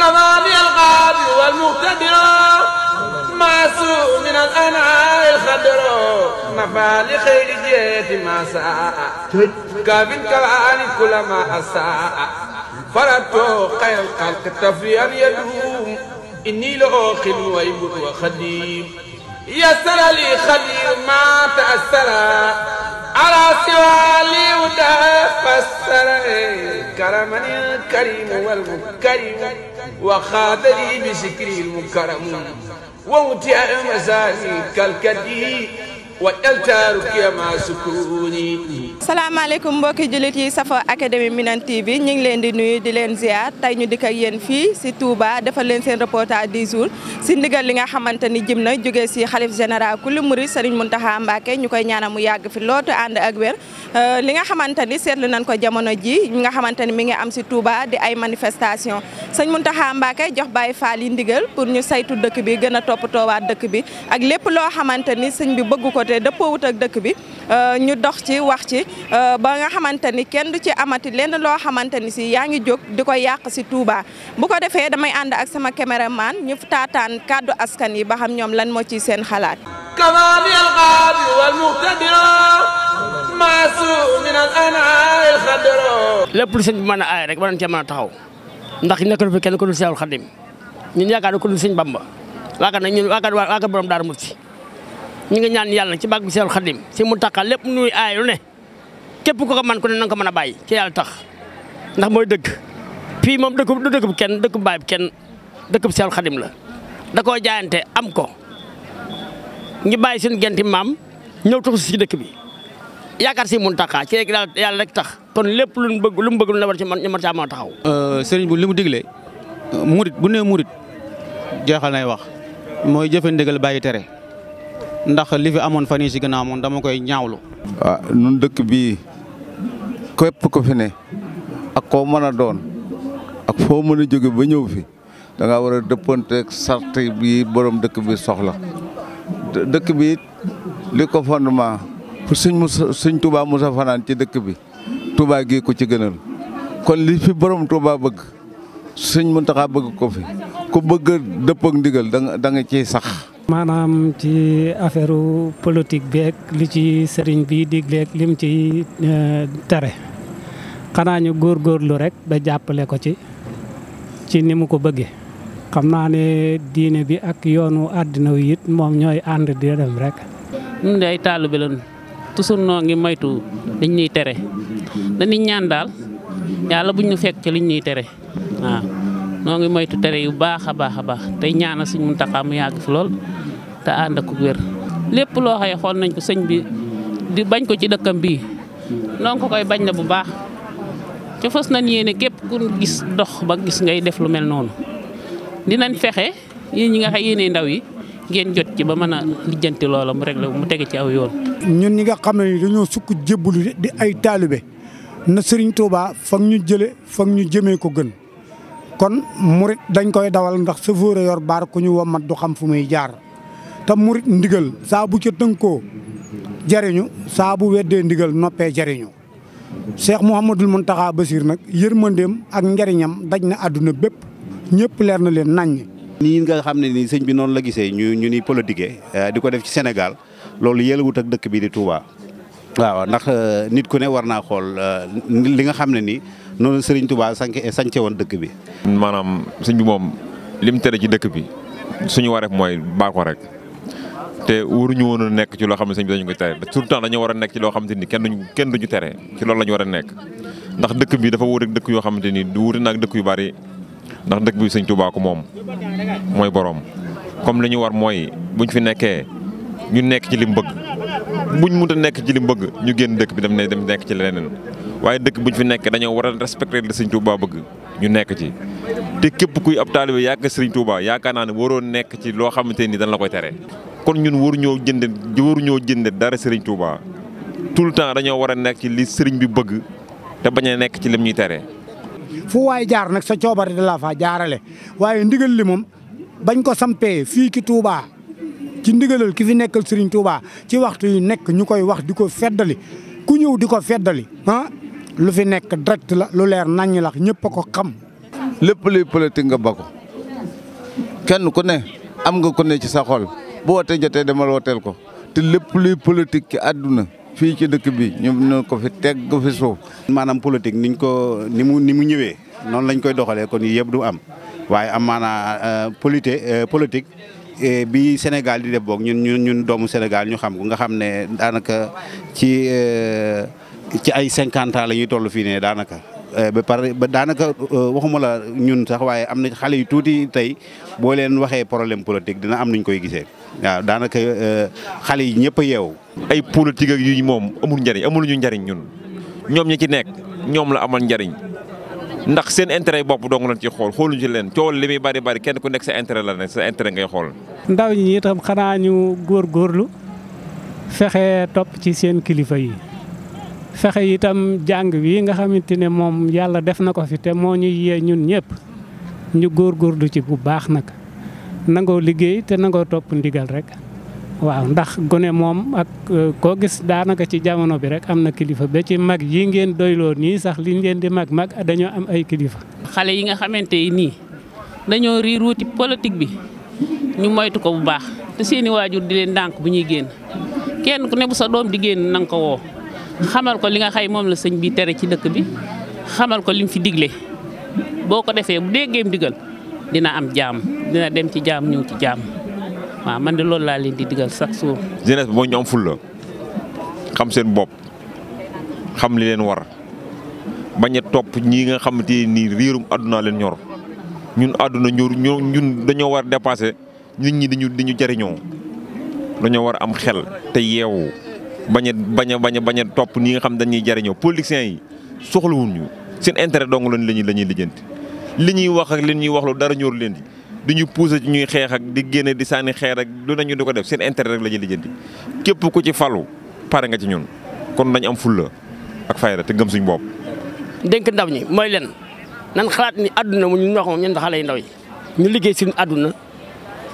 كما بالغاب والمقتدر معسوم من الأنعاء الخضر نفى لخير جيت ما ساء كاف كواني كل ما أساء فردت خير الخلق تفريا يدوم إني لأوخل ويمر وخديم يسر لي خدير ما تأثر على سوى لي ودا فسر الكرم الكريم والمكرم وخاذلي بشكري المكرم وأوتي مساني كالكدي wajaltaarukia ma sukuni salaamaaleykum mbokki jullit yi safa académie Minane TV ñu ngi leen di nuyu di leen ziar tey ñu dikk ak yéen fii si Touba defal leen seen reportage di jour si ndigal li nga xamante ni jëm na jógee si xalif général kuli murid mun Mountakha Mbacké ñu koy ñaanal mu yàgg fi lootu ànd ak wér Euh, li nga xamante ni seetlu nañ ko jamono ji nga xamante ni mi ngi am si Touba di ay manifestation sëñ Mountakha Mbacké jox Baye Fall yi ndigal pour ñu saytu dëkk bi gën a toppatoowaat dëkk bi ak lépp loo xamante ni sëñ bi bëgg ko te dëppoowut ak dëkk bi euh, ñu dox ci wax ci euh, ba nga xamante ni kenn du ci amati lenn loo xamante ni si yaa ngi jóg di ko yàq si Touba bu ko defee damay ànd ak sama caméraman ñu taataan kàddu askan yi ba xam ñoom lan moo ci seen xalaat lépp lu seen bi mën a aay rek war nañ cee mën a taxaw ndax nekkul fi kenn ku dul Seexul Xadim ñun yaakaar ku dul sëñ Bamba yaakaar nag ñun yaakaar waa yaakaar borom Daaru Musti ñu ngi ñaan yàlla ci bàgg Seexul Xadim si mu taqa lépp nuy aay lu ne képp ku ko man ku ne na ko mën a bàyyi ci yàlla tax ndax mooy dëgg pii moom dëkk du dëkk bu kenn dëkk bu baay bu kenn dëkk bu Seexul Xadim la da koo jaayante am ko ñu bàyyi suñu genti maam ñëw tuxu si dëkk bi yaakaar si mun taqa ci rek yàlla rek tax kon lépp lu mu bëgg lu mu bëgg lu war ci man ñu mën euh, sëriñ bu li mu digle murit bu nee murit jeexal nay wax mooy jëfe ndigal bàyyi tere ndax li fi amoon fan yii si gannaaw moom dama koy ñaawlu. waaw ah, nun dëkk bii képp ko fi ne ak koo mën a doon ak foo mën a jóge ba ñëw fi danga ngaa war a dëppanteeg sart yi borom dëkk bi soxla dëkk bi li ko fondement fu suñ Musa suñ Tuubaa Musa fanaan ci dëkk bi. Touba gi ko ci gënal kon li fi borom Touba bëgg sëñ Muntaxa bëgg ko fi ku bëgg dëpp ak ndigal da nga ciy sax. maanaam ci affaire politique beeg li ci sëriñ bi digleeg lim ci euh, tere xanaa ñu góorlu rek ba jàppale ko ci ci ni mu ko bëggee. xam naa ne diine bi ak yoonu àddina wi moom ñooy ànd di dem rek. ñun de ay taalibe lañu toujours noo ngi moytu dañ ñuy tere. dañuy ñaan daal yàlla buñ ñu fekk ci liñ ñuy tere waaw noo ngi moytu tere yu baax a baax a baax tey ñaanal suñ Muntaxa mu yàgg fi lool te ànd ak wér lépp loo xëy xool nañ ko sëñ bi di bañ ko ci dëkkam bii noo ko bañ la bu baax ca nañ yéene képp ku gis dox ba gis ngay def lu mel noonu dinañ fexe yéen ñi nga xam yéene ndaw yi ngeen jot ci ba mën a lijjanti loola mu réglé mu tege ci aw yoon. ñun ñi nga xam ne dañoo sukk jébbalu di ay taalibe na sëriñ Touba fag ñu jële fag ñu jëmee ko gën kon murit dañ koy dawal ndax chauffeur a yor baar ku ñu wommat du xam fu muy jaar te murit ndigal saa bu ca tënkoo jariñu saa bu weddee ndigal noppee jariñu Cheikh Mouhamadul Mountakha Bassir nag yërmandeem ak njariñam daj na àdduna bépp ñëpp leer na leen naññ nii nga xam ne nii sëñ bi noonu la gisee ñu ñu ni politiqué eh, di ko def ci Sénégal loolu la wut ak dëkk bii di Touba waaw ndax euh, nit ku ne war naa xool euh, li nga xam ne ni noonu Serigne Touba sànq sànce woon dëkk bi. maanaam sëñ bi moom lim tere ci dëkk bi suñu war wareef mooy baax rek te waruñu woon a nekk ci loo xam ne sëñ bi dañu ko tere surtout dañu war nekk ci loo ni kenn duñu kenn duñu tere ci loolu la ñu war a nekk ndax dëkk bi dafa wóor ak dëkk yoo xamante ni du wuute nag dëkk yu bari ndax dëkk bi sëñ Touba ko moom mooy boroom comme li war mooy buñ fi nekkee ñu nekk ci lim bëgg. buñ mënta nekk ci li bëgg ñu génn dëkk bi dem ne dem nekk ci leneen waaye dëkk buñ fi nekk dañoo war a respecter la sëñ Touba bëgg ñu nekk ci. te képp kuy ab taalibe yaakaar sëriñ Touba yaakaar naa ne waroo nekk ci loo xamante ni dañ la koy tere. kon ñun waruñoo jënd waruñoo jënd dara sëriñ Touba tout le temps dañoo war a nekk ci li sëriñ bi bëgg te bañ a nekk ci lim ñuy tere. fu waay jaar nag sa coobare da laa faa jaarale waaye ndigal li moom bañ ko sampee fii ci Touba. ci ndigalal ki fi nekkal Serigne Touba ci waxtu yu nekk ñu koy wax di ko feddali ku ñëw di ko feddali ah lu fi nekk direct la lu leer naññ lax ñëpp a ko xam. lépp luy politique nga ba ko kenn ku ne am nga ku ne ci sa xol bu wootee jotee demal wooteel ko te lépp luy politique ci àdduna fii ci dëkk bi ñu ne ko fi teg ko fi suuf. maanaam politique niñ ko ni mu ni mu ñëwee noonu lañ koy doxalee kon yii yëpp du am waaye am maanaa euh, polité euh, politique. Eh, bi Sénégal di def boog ñun ñun ñun doomu Sénégal ñu xam nga xam ne daanaka ci eh, ci ay cinquante ans la ñuy toll fii ne daanaka. Eh, ba pare ba daanaka waxuma la ñun sax waaye am na xale yu tuuti tey boo leen waxee problème politique dina am nuñ koy gisee waaw daanaka xale yi ñëpp a ay politique ak moom amul njëriñ amul ñu njëriñ ñun ñoom ñi ci nekk ñoom la amal njariñ ndax seen intérêt bopp dong lañ ci xool xooluñu ci leen coow li muy bari bari kenn ku nekk sa intérêt la ne sa intérêt ngay xool. ndaw ñi itam xanaa ñu góorgóorlu fexe topp ci seen kilifa yi fexe itam jàng wi nga xamante ne moom yàlla def na ko fi te moo ñuy yee ñun ñëpp ñu góor góorgóorlu ci bu baax nag nangoo liggéey te nangoo topp ndigal rek. waaw ndax gone moom ak euh, koo gis daanaka ci jamono bi rek am na kilifa ba ci mag yi ngeen doyloo nii sax li ngeen di mag mag dañoo am ay kilifa. xale yi nga xamante yi nii dañoo rii ruuti politique bi ñu moytu ko bu baax te séeni waajur di leen ndànk bu ñuy génn kenn ku ne sa doom di génn nanga ko woo xamal ko li nga xay moom la sëñ bi tere ci dëkk bi xamal ko lim fi digle boo ko defee bu déggee ndigal dina am jaam dina dem ci jaam ñëw ci jaam. waaw man de loolu laa leen di digal chaque jour. jeunesse bi mooy ñu am fulla xam seen bopp xam li leen war bañ a topp ñi nga xamante ni riirum àdduna leen ñor ñun àdduna ñor ñun dañoo war a dépassé nit ñi dañu dañu jariñoo dañoo war a am xel te yeewu bañ a bañ bañ bañ a topp ñi nga xam dañuy jariñoo politiciens yi soxlawuñu seen intérêt dong lañ la ñuy la lijjanti li ñuy wax ak li ñuy wax lu dara ñor leen di du ñu poussé ci ñuy xeex ak di génne di sànni xeer ak lu nañu di ko def seen intérêt rek la ñuy lijjanti képp ku ci falu pare nga ci ñun kon nañ am fulla ak fayda te gëm suñ boob dénk ndaw ñi mooy leen nan xalaat ni àdduna mu ñu ñoo xam ñun xale yu ndaw yi ñu liggéey suñu àdduna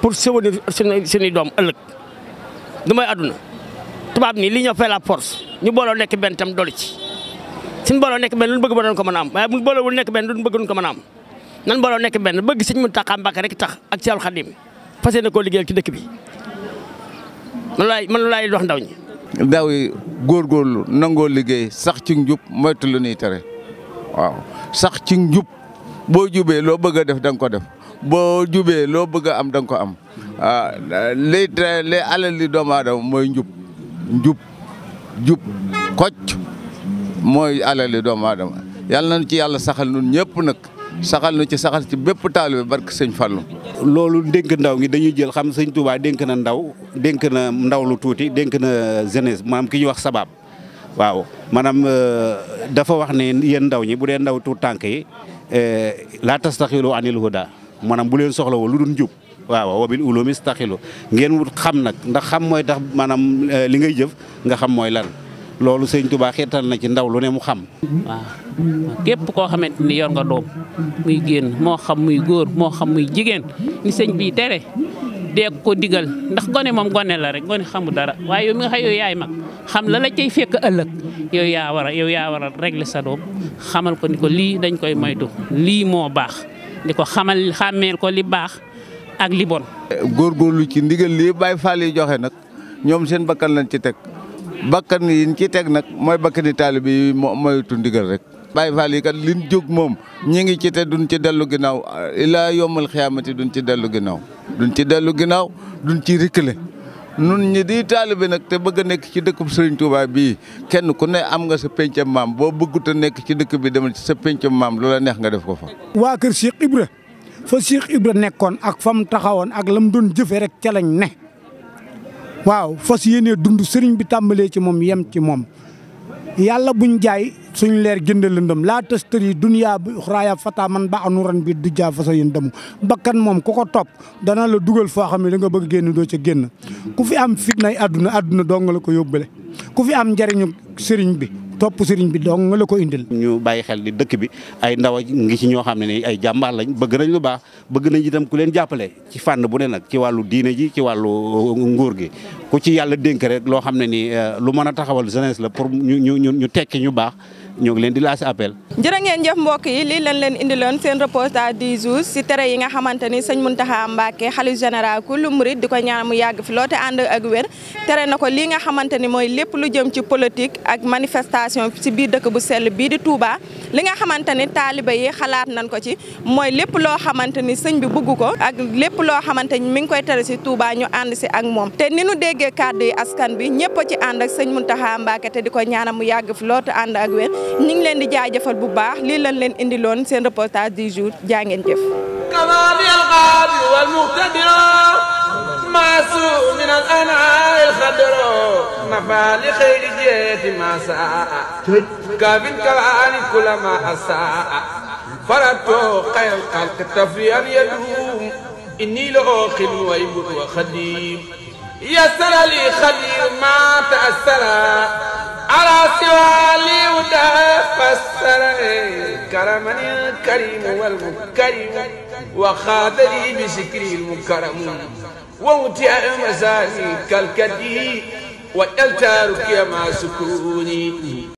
pour soutenir suñu doom ëllëg du mooy àdduna tubaab nii li ñoo fay la force ñu booloo nekk benn tam dolli ci suñu booloo nekk benn lu bëgg ba doon ko mën a am waaye bu booloo wul nekk benn duñ bëgg duñ ko mën a am. nan booloo nekk benn bëgg sëñ Muntaxa Mbàkke rek tax ak Seexul Xadiim fas yéene koo liggéeyal ci dëkk bi man laay man laay wax ndaw ñi. ndaw yi góorgóorlu nangoo liggéey sax ci njub moytu lu ñuy tere waaw sax ci njub boo jubee loo bëgg def da ko def boo jubee loo bëgg a am da ko am ah, liy tere doomu aadama mooy njub njub jub kocc mooy alal doomu aadama yàlla nañu ci yàlla saxal nun ñëpp nag. saxal na ci saxal ci bépp taal taalibe bark sëñ Fallou. loolu dénk ndaw gi dañuy jël xam sëñ Touba dénk na ndaw dénk na ndaw lu tuuti dénk na jeunesse maam ki ñuy wax sabab waaw maanaam euh, dafa wax ne yéen ndaw ñi bu dee ndaw tu tànk yi euh, laa tas tastaxilu anil huda maanaam bu leen soxla soxlawoo lu dul njub waaw wabil ulumi staxilu ngeen wut xam nag ndax xam mooy tax maanaam euh, li ngay jëf nga xam mooy lan. loolu sëñ baax xeetal na ci ndaw lu ne mu xam. waaw képp koo xamante ni yor nga doom muy génn moo xam muy góor moo xam muy jigéen ni sëñ bii tere dee ko digal ndax gone moom gone la rek gone xamu dara waaye yow mi nga xam yaay mag xam la la cay fekk ëllëg yow yaa war a yow yaa war a régler sa doom xamal ko ni ko lii dañ koy moytu lii moo baax di ko xamal xàmmeel ko li baax ak li bon. lu ci ndigal lii Baay Faal yi joxe nag ñoom seen bakkan lañ ci teg. bakkan yi ñu ciy teg nag mooy bakkani taalibe yi mooy tu ndigal rek. Baay Faal yi kat liñ jóg moom ñi ngi ci te duñ ci dellu ginnaaw ilaa yombal xiyaamati duñ ci dellu ginnaaw duñ ci dellu ginnaaw duñ ci rikkale nun ñi di taalibe nag te bëgg nekk ci dëkkub Serigne Touba bi kenn ku ne am nga sa pencam maam boo bëggut a nekk ci dëkk bi demal ci sa pencam maam loola neex nga def ko fa. waa kër Cheikh Ibra fa Cheikh Ibra nekkoon ak fam taxawoon ak lam doon jëfee rek ca lañ ne. waaw fas yéenee dund sëriñ bi tàmbalee ci moom yem ci moom yàlla buñ jaay suñ leer jënd lëndëm laa tëstëri duniyaa bi xuraaya fata man ba anuran bi du jaa fasa yéen demu bakkan moom ku ko topp dana la dugal foo xam ne danga bëgg génn doo ca génn ku fi am fitnay àdduna àdduna dong la ko yóbbale ku fi am njariñu sëriñ bi topp sëriñ bi dong la ko indil. ñu bàyyi xel ni dëkk bi ay ndaw ngi ci ñoo xam ne ni ay jàmbaar lañ bëgg nañ lu baax bëgg nañ itam ku leen jàppale ci fànn bu ne nag ci wàllu diine ji ci wàllu uh, nguur gi ku ci yàlla dénk rek loo xam ne ni uh, lu mën a taxawal jeunesse la pour ñu ñu ñu tekki ñu baax ñoo ngi leen di laas appel. jërë ngeen mbokk yi lii lañ leen indiloon seen reportage du jour si tere yi nga xamante ni sëñ Mountakha Mbacké xalifa général ku lu murit di ko ñaan mu yàgg fi loo te ànd ak wér tere na ko lii nga xamante ni mooy lépp lu jëm ci politique ak manifestation si biir dëkk bu sell bii di Touba. li nga xamante ni taaliba yi xalaat nañ ko ci mooy lépp loo xamante ni sëñ bi bugg ko ak lépp loo xamante ni mi ngi koy tere si Touba ñu ànd si ak moom te ni nu déggee kàddu yi askan bi ñëpp ci ànd ak sëñ Mountakha Mbacké te di ko ñaanal mu yàgg fi ànd ak wér ñu ngi leen di jaajëfal bu baax lii lañ leen indiloon seen reportage du jour jaa ngeen jëf كمال الغالي والمقتدر معصوم من الأنعاء الخضر مفعل خير جيت ما ساء كاف كوان كل ما أساء فردت خير الخلق تفريا يدوم إني لأوخل ويمر وخديم يسر لي خليل ما تأسر على سوى اليهدى فسر كرما الكريم والمكرم وخاذلي بشكري المكرم وأوتي مساني كالكدي وإلتارك مع سكوني